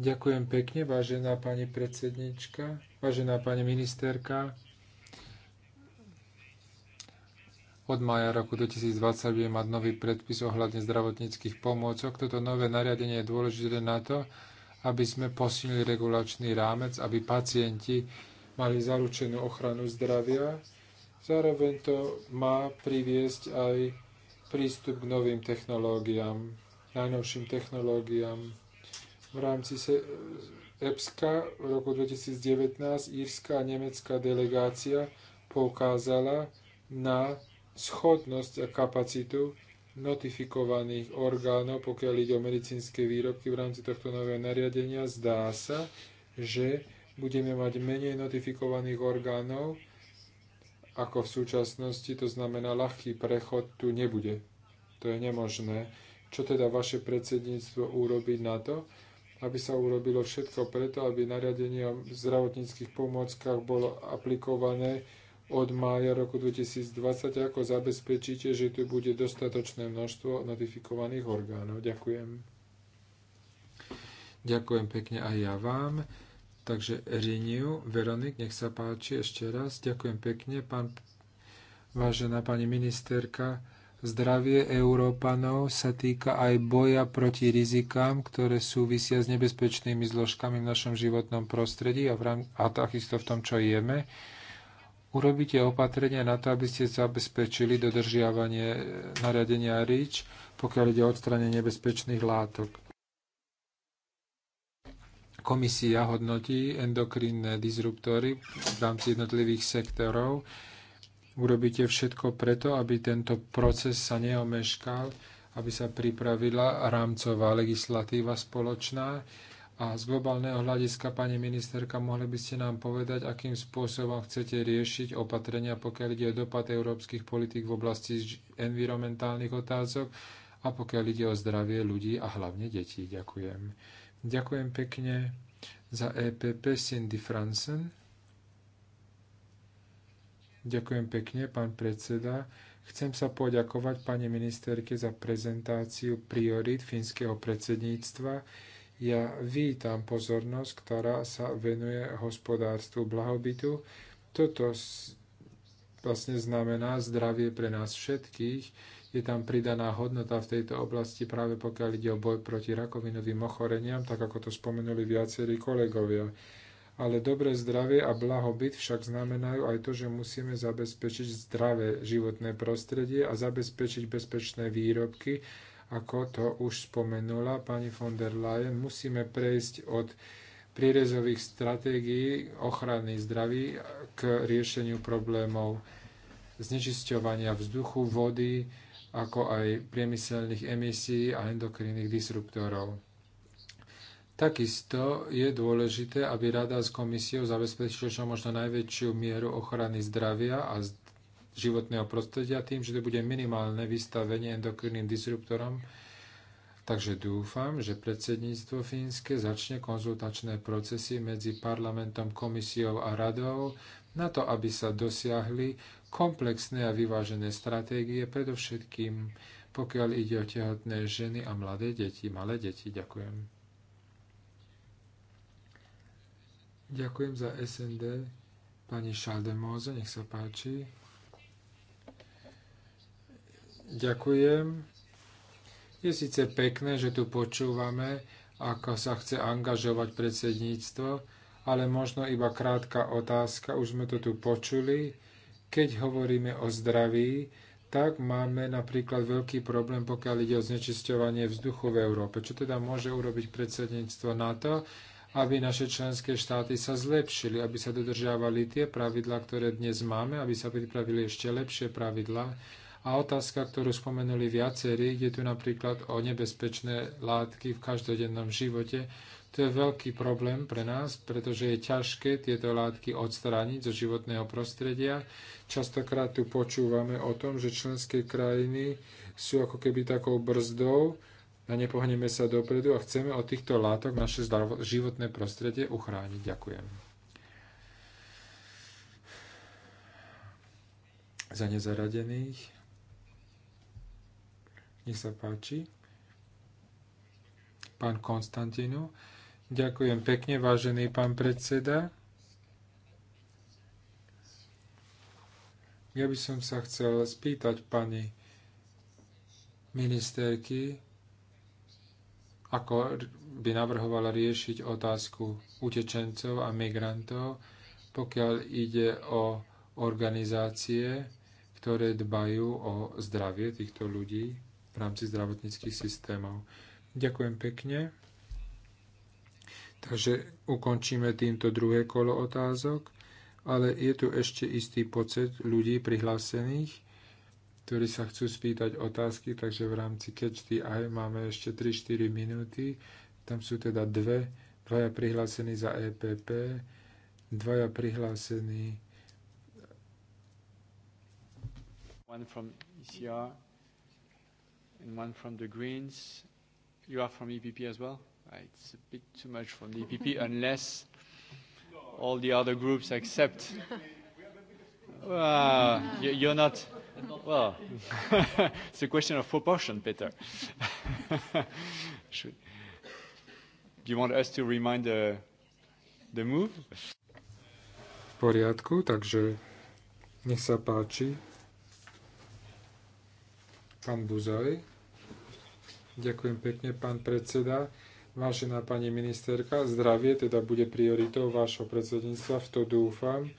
Ďakujem pekne, vážená pani predsednička, vážená pani ministerka. Od maja roku 2020 bude mať nový predpis ohľadne zdravotníckých pomôcok. Toto nové nariadenie je dôležité na to, aby sme posilnili regulačný rámec, aby pacienti mali zaručenú ochranu zdravia. Zároveň to má priviesť aj prístup k novým technológiám, najnovším technológiám. V rámci EPSCA v roku 2019 írska a nemecká delegácia poukázala na schopnosť a kapacitu notifikovaných orgánov, pokiaľ ide o medicínske výrobky v rámci tohto nového nariadenia, zdá sa, že budeme mať menej notifikovaných orgánov ako v súčasnosti, to znamená, ľahký prechod tu nebude. To je nemožné. Čo teda vaše predsedníctvo urobí na to, aby sa urobilo všetko preto, aby nariadenie o zdravotníckých pomôckach bolo aplikované od mája roku 2020, ako zabezpečíte, že tu bude dostatočné množstvo notifikovaných orgánov. Ďakujem. Ďakujem pekne aj ja vám. Takže Riniu, Veronik, nech sa páči ešte raz. Ďakujem pekne, pán, vážená pani ministerka. Zdravie Európanov sa týka aj boja proti rizikám, ktoré súvisia s nebezpečnými zložkami v našom životnom prostredí a, v, a takisto v tom, čo jeme urobíte opatrenia na to, aby ste zabezpečili dodržiavanie e, nariadenia REACH, pokiaľ ide o odstranenie nebezpečných látok. Komisia hodnotí endokrinné disruptory v rámci jednotlivých sektorov. Urobíte všetko preto, aby tento proces sa neomeškal, aby sa pripravila rámcová legislatíva spoločná, a z globálneho hľadiska, pani ministerka, mohli by ste nám povedať, akým spôsobom chcete riešiť opatrenia, pokiaľ ide o dopad európskych politík v oblasti environmentálnych otázok a pokiaľ ide o zdravie ľudí a hlavne detí. Ďakujem. Ďakujem pekne za EPP Cindy Fransen. Ďakujem pekne, pán predseda. Chcem sa poďakovať pani ministerke za prezentáciu priorit fínskeho predsedníctva ja vítam pozornosť, ktorá sa venuje hospodárstvu blahobytu. Toto vlastne znamená zdravie pre nás všetkých. Je tam pridaná hodnota v tejto oblasti práve pokiaľ ide o boj proti rakovinovým ochoreniam, tak ako to spomenuli viacerí kolegovia. Ale dobré zdravie a blahobyt však znamenajú aj to, že musíme zabezpečiť zdravé životné prostredie a zabezpečiť bezpečné výrobky ako to už spomenula pani von der Leyen, musíme prejsť od prírezových stratégií ochrany zdraví k riešeniu problémov znečisťovania vzduchu, vody, ako aj priemyselných emisí a endokrinných disruptorov. Takisto je dôležité, aby Rada s komisiou zabezpečila čo možno najväčšiu mieru ochrany zdravia a životného prostredia tým, že to bude minimálne vystavenie endokrinným disruptorom. Takže dúfam, že predsedníctvo Fínske začne konzultačné procesy medzi parlamentom, komisiou a radou na to, aby sa dosiahli komplexné a vyvážené stratégie, predovšetkým pokiaľ ide o tehotné ženy a mladé deti, malé deti. Ďakujem. Ďakujem za SND. Pani Šaldemóze, nech sa páči. Ďakujem. Je síce pekné, že tu počúvame, ako sa chce angažovať predsedníctvo, ale možno iba krátka otázka, už sme to tu počuli. Keď hovoríme o zdraví, tak máme napríklad veľký problém, pokiaľ ide o znečisťovanie vzduchu v Európe. Čo teda môže urobiť predsedníctvo na to, aby naše členské štáty sa zlepšili, aby sa dodržiavali tie pravidlá, ktoré dnes máme, aby sa pripravili ešte lepšie pravidlá, a otázka, ktorú spomenuli viacerí, je tu napríklad o nebezpečné látky v každodennom živote. To je veľký problém pre nás, pretože je ťažké tieto látky odstrániť zo životného prostredia. Častokrát tu počúvame o tom, že členské krajiny sú ako keby takou brzdou a nepohneme sa dopredu a chceme od týchto látok naše životné prostredie uchrániť. Ďakujem. Za nezaradených. Nech sa páči. Pán Konstantinu. Ďakujem pekne, vážený pán predseda. Ja by som sa chcel spýtať pani ministerky, ako by navrhovala riešiť otázku utečencov a migrantov, pokiaľ ide o organizácie, ktoré dbajú o zdravie týchto ľudí v rámci zdravotníckých systémov. Ďakujem pekne. Takže ukončíme týmto druhé kolo otázok, ale je tu ešte istý pocit ľudí prihlásených, ktorí sa chcú spýtať otázky, takže v rámci Catch the Eye máme ešte 3-4 minúty. Tam sú teda dve, dvaja prihlásení za EPP, dvaja prihlásení. One from ECR and one from the Greens. You are from EPP as well? Uh, it's a bit too much from the EPP unless all the other groups accept. Uh, you, you're not. Well, it's a question of proportion, Peter. Should, do you want us to remind the, the move? V poriadku, takže nech sa páči. Pán Buzaj. Ďakujem pekne, pán predseda. Vážená pani ministerka, zdravie teda bude prioritou vášho predsedníctva, v to dúfam.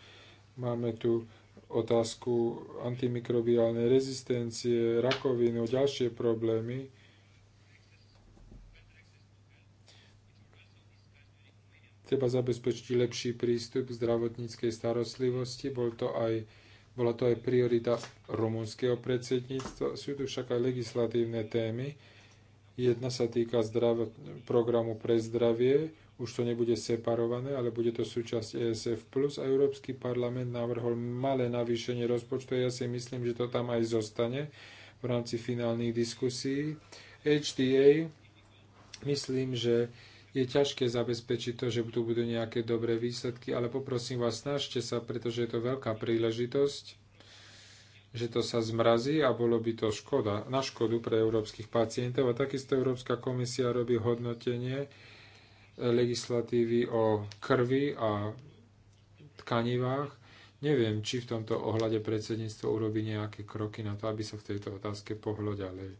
Máme tu otázku antimikrobiálnej rezistencie, rakovinu, ďalšie problémy. Treba zabezpečiť lepší prístup k zdravotníckej starostlivosti. Bol to aj bola to aj priorita rumunského predsedníctva. Sú tu však aj legislatívne témy. Jedna sa týka zdrav- programu pre zdravie. Už to nebude separované, ale bude to súčasť ESF+. A Európsky parlament navrhol malé navýšenie rozpočtu. Ja si myslím, že to tam aj zostane v rámci finálnych diskusí. HTA, myslím, že je ťažké zabezpečiť to, že tu budú nejaké dobré výsledky, ale poprosím vás, snažte sa, pretože je to veľká príležitosť, že to sa zmrazí a bolo by to škoda, na škodu pre európskych pacientov. A takisto Európska komisia robí hodnotenie eh, legislatívy o krvi a tkanivách. Neviem, či v tomto ohľade predsedníctvo urobí nejaké kroky na to, aby sa v tejto otázke pohlo ďalej.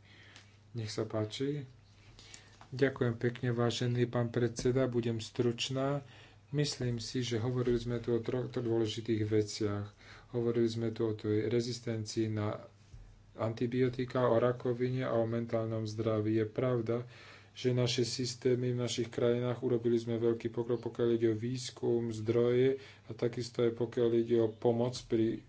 Nech sa páči. Ďakujem pekne, vážený pán predseda, budem stručná. Myslím si, že hovorili sme tu o troch dôležitých veciach. Hovorili sme tu o tej rezistencii na antibiotika, o rakovine a o mentálnom zdraví. Je pravda, že naše systémy v našich krajinách urobili sme veľký pokrok, pokiaľ ide o výskum, zdroje a takisto aj pokiaľ ide o pomoc pri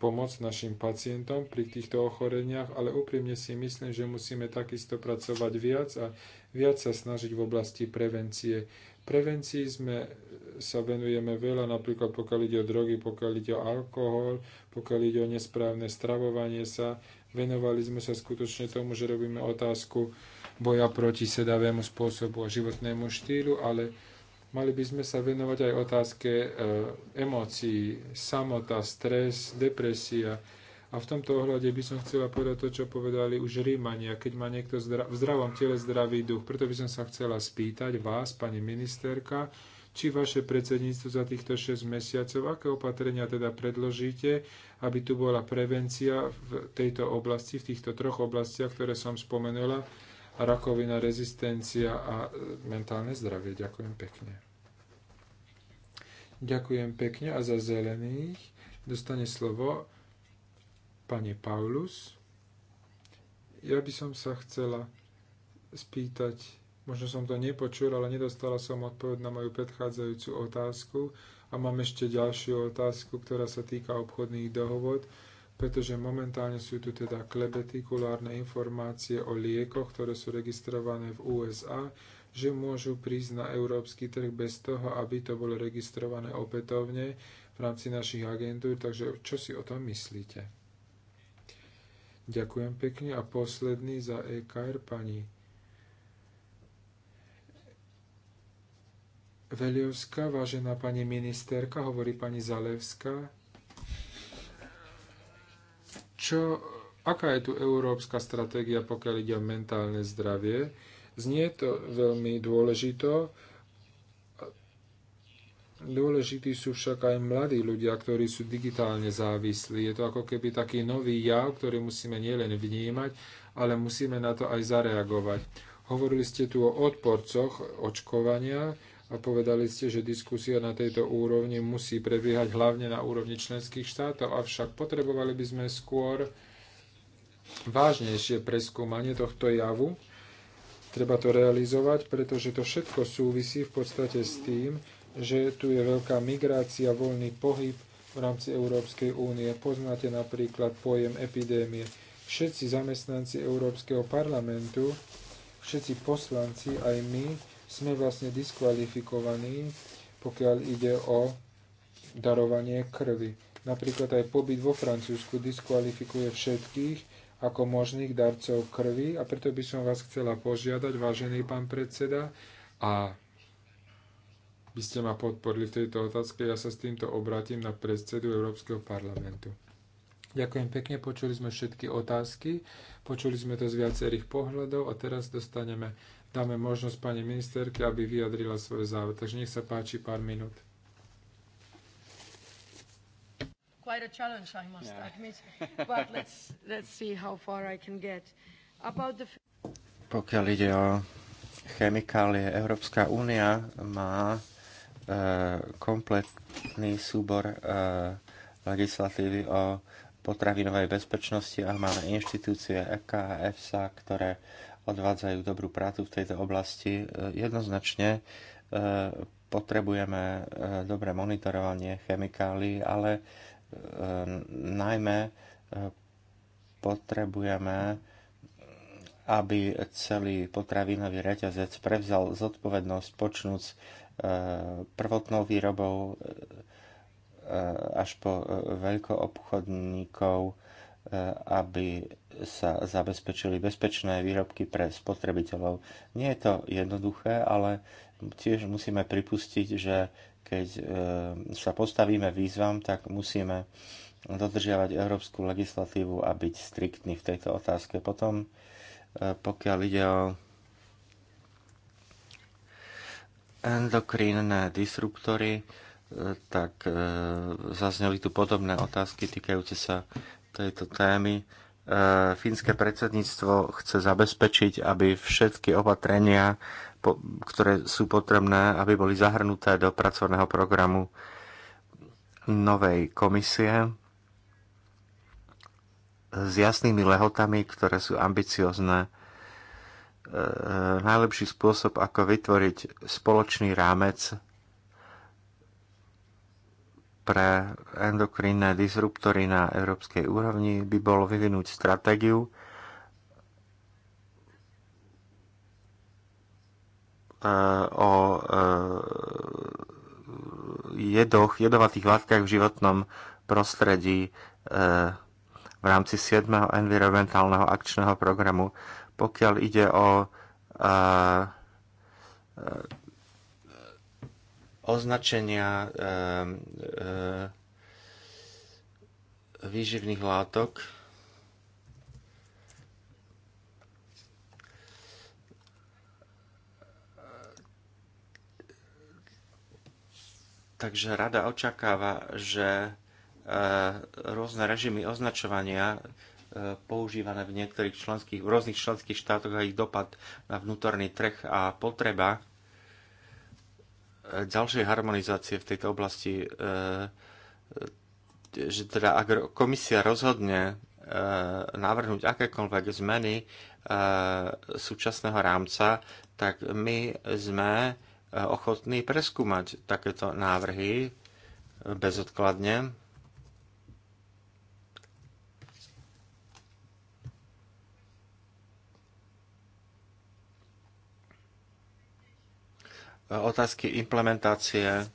pomoc našim pacientom pri týchto ochoreniach, ale úprimne si myslím, že musíme takisto pracovať viac a viac sa snažiť v oblasti prevencie. Prevencii sme sa venujeme veľa, napríklad pokiaľ ide o drogy, pokiaľ ide o alkohol, pokiaľ ide o nesprávne stravovanie sa. Venovali sme sa skutočne tomu, že robíme otázku boja proti sedavému spôsobu a životnému štýlu, ale Mali by sme sa venovať aj otázke e, emócií, samota, stres, depresia. A v tomto ohľade by som chcela povedať to, čo povedali už Rímania, keď má niekto zdra- v zdravom tele zdravý duch. Preto by som sa chcela spýtať vás, pani ministerka, či vaše predsedníctvo za týchto 6 mesiacov, aké opatrenia teda predložíte, aby tu bola prevencia v tejto oblasti, v týchto troch oblastiach, ktoré som spomenula, rakovina, rezistencia a e, mentálne zdravie. Ďakujem pekne. Ďakujem pekne a za zelených dostane slovo pani Paulus. Ja by som sa chcela spýtať, možno som to nepočul, ale nedostala som odpoveď na moju predchádzajúcu otázku a mám ešte ďalšiu otázku, ktorá sa týka obchodných dohovod pretože momentálne sú tu teda klebetikulárne informácie o liekoch, ktoré sú registrované v USA, že môžu prísť na európsky trh bez toho, aby to bolo registrované opätovne v rámci našich agentúr. Takže čo si o tom myslíte? Ďakujem pekne a posledný za EKR pani Veliovská, vážená pani ministerka, hovorí pani Zalevská. Čo, aká je tu európska stratégia, pokiaľ ide o mentálne zdravie? Znie to veľmi dôležito. Dôležití sú však aj mladí ľudia, ktorí sú digitálne závislí. Je to ako keby taký nový jav, ktorý musíme nielen vnímať, ale musíme na to aj zareagovať. Hovorili ste tu o odporcoch očkovania a povedali ste, že diskusia na tejto úrovni musí prebiehať hlavne na úrovni členských štátov, avšak potrebovali by sme skôr vážnejšie preskúmanie tohto javu. Treba to realizovať, pretože to všetko súvisí v podstate s tým, že tu je veľká migrácia, voľný pohyb v rámci Európskej únie. Poznáte napríklad pojem epidémie. Všetci zamestnanci Európskeho parlamentu, všetci poslanci, aj my, sme vlastne diskvalifikovaní, pokiaľ ide o darovanie krvi. Napríklad aj pobyt vo Francúzsku diskvalifikuje všetkých ako možných darcov krvi a preto by som vás chcela požiadať, vážený pán predseda, a by ste ma podporili v tejto otázke, ja sa s týmto obrátim na predsedu Európskeho parlamentu. Ďakujem pekne, počuli sme všetky otázky, počuli sme to z viacerých pohľadov a teraz dostaneme dáme možnosť pani ministerke, aby vyjadrila svoj záver. Takže nech sa páči pár minút. Quite a challenge, I must yeah. admit. But let's, let's see how far I can get. About the... Pokiaľ ide o chemikálie, Európska únia má e, kompletný súbor e, legislatívy o potravinovej bezpečnosti a máme inštitúcie EK EFSA, e ktoré e, odvádzajú dobrú prácu v tejto oblasti. E, jednoznačne e, potrebujeme e, dobré monitorovanie chemikálií, ale najmä potrebujeme, aby celý potravinový reťazec prevzal zodpovednosť počnúc prvotnou výrobou až po veľkoobchodníkov, Eh, aby sa zabezpečili bezpečné výrobky pre spotrebiteľov. Nie je to jednoduché, ale tiež musíme pripustiť, že keď eh, sa postavíme výzvam, tak musíme dodržiavať európsku legislatívu a byť striktní v tejto otázke. Potom, eh, pokiaľ ide o endokrínne disruptory, tak zazneli tu podobné otázky týkajúce sa tejto témy. E, fínske predsedníctvo chce zabezpečiť, aby všetky opatrenia, ktoré sú potrebné, aby boli zahrnuté do pracovného programu novej komisie s jasnými lehotami, ktoré sú ambiciozne. E, e, najlepší spôsob, ako vytvoriť spoločný rámec pre endokrinné disruptory na európskej úrovni by bolo vyvinúť stratégiu, eh, o eh, jedoch, jedovatých látkach v životnom prostredí eh, v rámci 7. environmentálneho akčného programu. Pokiaľ ide o označenia e, e, výživných látok. Takže rada očakáva, že ehm, rôzne režimy označovania používané v niektorých členských, v rôznych členských štátoch a ich dopad na vnútorný trh a potreba ďalšej harmonizácie v tejto oblasti, e, e, že teda ak komisia rozhodne e, navrhnúť akékoľvek zmeny súčasného rámca, tak my sme ochotní preskúmať takéto návrhy bezodkladne. otázky implementácie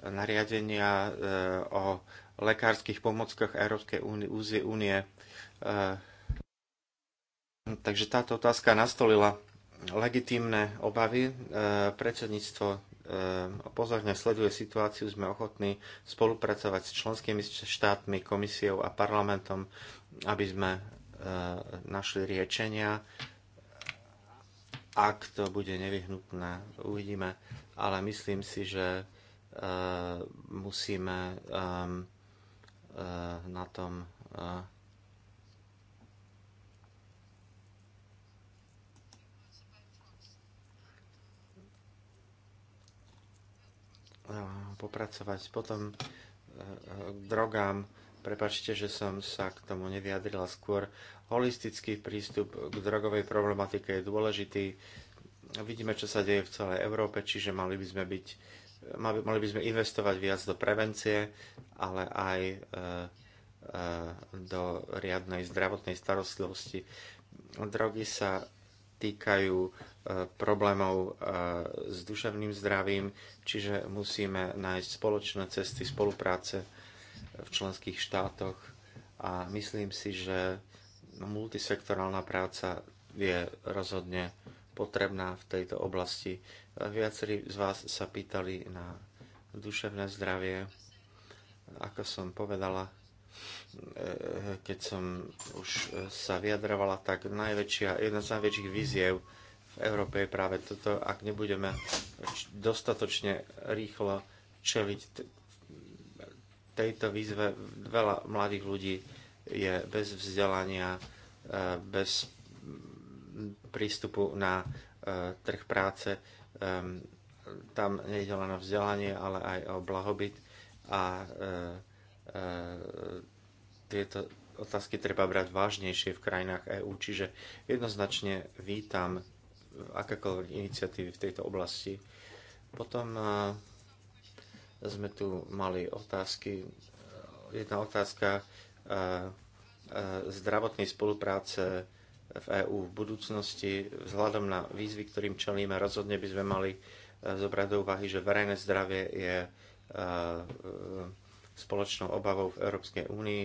nariadenia e, o lekárskych pomockách Európskej úzie únie. E, takže táto otázka nastolila legitímne obavy. E, predsedníctvo pozorne sleduje situáciu, sme ochotní spolupracovať s členskými štátmi, komisiou a parlamentom, aby sme našli riečenia ak to bude nevyhnutné, uvidíme. Ale myslím si, že e, musíme e, na tom e, popracovať. Potom k drogám, prepačte, že som sa k tomu nevyjadrila skôr, Holistický prístup k drogovej problematike je dôležitý. Vidíme, čo sa deje v celej Európe, čiže mali by sme byť mali by sme investovať viac do prevencie, ale aj e, e, do riadnej zdravotnej starostlivosti. Drogy sa týkajú e, problémov s duševným zdravím, čiže musíme nájsť spoločné cesty spolupráce v členských štátoch a myslím si, že multisektorálna práca je rozhodne potrebná v tejto oblasti. Viacerí z vás sa pýtali na duševné zdravie. Ako som povedala, eh, keď som už sa vyjadrovala, tak najväčšia, jedna z najväčších víziev v Európe je práve toto, ak nebudeme dostatočne rýchlo čeliť tejto výzve, veľa mladých ľudí je bez vzdelania, e, bez prístupu na e, trh práce. Tam nejde len o vzdelanie, ale aj o blahobyt a e, tieto otázky treba brať vážnejšie v krajinách EÚ, čiže jednoznačne vítam akékoľvek iniciatívy v tejto oblasti. Potom sme tu mali otázky. Jedna otázka E, e, zdravotnej spolupráce v EÚ v budúcnosti. Vzhľadom na výzvy, ktorým čelíme, rozhodne by sme mali e, zobrať do úvahy, že verejné zdravie je spoločnou obavou v Európskej únii.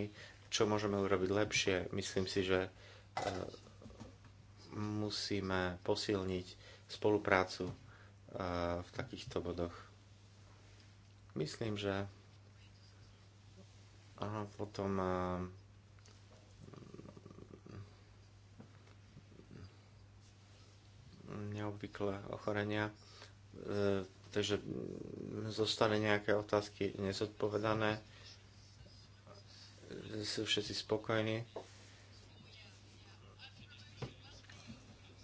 Čo môžeme urobiť lepšie? Myslím si, že musíme posilniť spoluprácu v takýchto bodoch. Myslím, že a potom neobvyklé ochorenia. E, takže zostane nejaké otázky nezodpovedané. Sú všetci spokojní.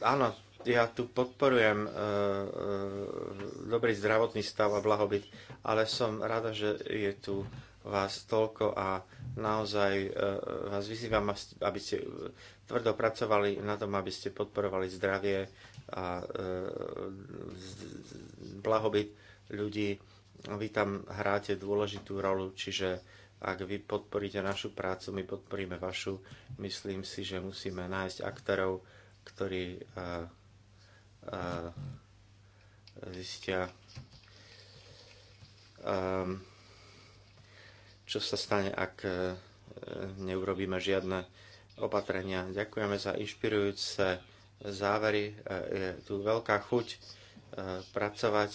Áno, ja tu podporujem e, e, dobrý zdravotný stav a blahobyt, ale som rada, že je tu vás toľko a naozaj e, vás vyzývam, aby ste e, tvrdo pracovali na tom, aby ste podporovali zdravie a e, blahobyt ľudí. Vy tam hráte dôležitú rolu, čiže ak vy podporíte našu prácu, my podporíme vašu. Myslím si, že musíme nájsť aktorov, ktorí zistia um, čo sa stane, ak e, neurobíme žiadne opatrenia. Ďakujeme za inšpirujúce závery. E, je tu veľká chuť e, pracovať,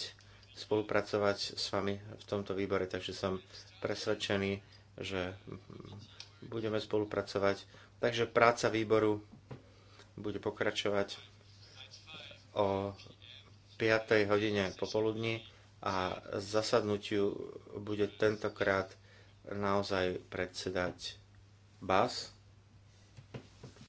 spolupracovať s vami v tomto výbore, takže som presvedčený, že budeme spolupracovať. Takže práca výboru bude pokračovať o 5. hodine popoludní a zasadnutiu bude tentokrát naozaj predsedať BAS